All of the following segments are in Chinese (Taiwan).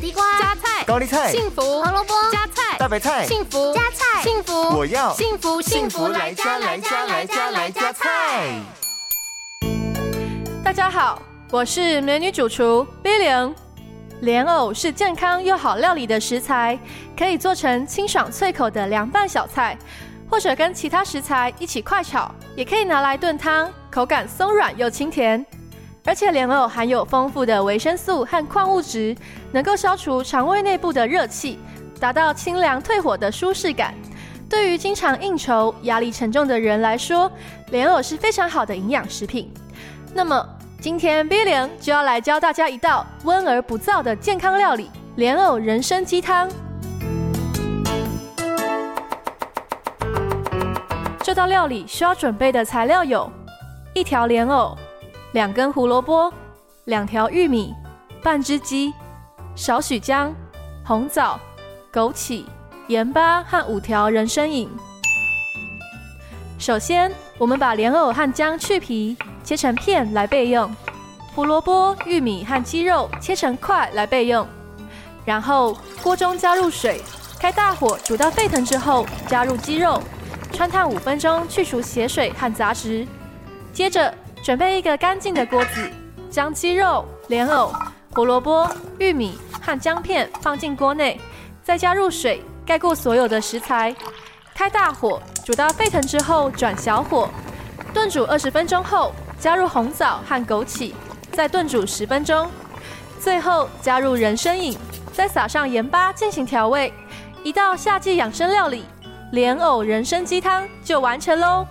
地瓜、加菜、高麗菜、幸福、胡蘿蔔、加菜、大白菜、幸福、加菜、幸福。我要幸福幸福來加來加來加來加菜。大家好，我是美女主廚 Bling。蓮藕是健康又好料理的食材，可以做成清爽脆口的涼拌小菜，或者跟其他食材一起快炒，也可以拿來燉湯，口感鬆軟又清甜。而且蓮藕含有豐富的維生素和礦物質，能夠消除腸胃內部的熱氣，達到清涼退火的舒適感。對於經常應酬、壓力沉重的人來說，蓮藕是非常好的營養食品。那麼，今天 Billian 就要來教大家一道溫而不燥的健康料理——蓮藕人參雞湯。這道料理需要準備的材料有：一條蓮藕。兩根胡蘿蔔，兩條玉米，半隻雞，少許薑、紅棗、枸杞、枸杞、鹽巴和五條人參飲。首先，我們把蓮藕和薑去皮，切成片來備用；胡蘿蔔、玉米和雞肉切成塊來備用。然後，鍋中加入水，開大火煮到沸騰之後，加入雞肉，汆燙五分鐘去除血水和雜質。接着，準備一個乾淨的鍋子，將雞肉、蓮藕、胡蘿蔔、玉米和薑片放進鍋內，再加入水蓋過所有的食材，開大火煮到沸騰之後轉小火，燉煮二十分鐘後加入紅棗和枸杞，再燉煮十分鐘，最後加入人參飲，再撒上鹽巴進行調味，一道夏季養生料理——蓮藕人參雞湯就完成嘍。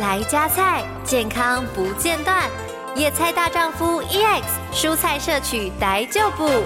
來加菜，健康不間斷。野菜大丈夫 EX，蔬菜攝取來就補。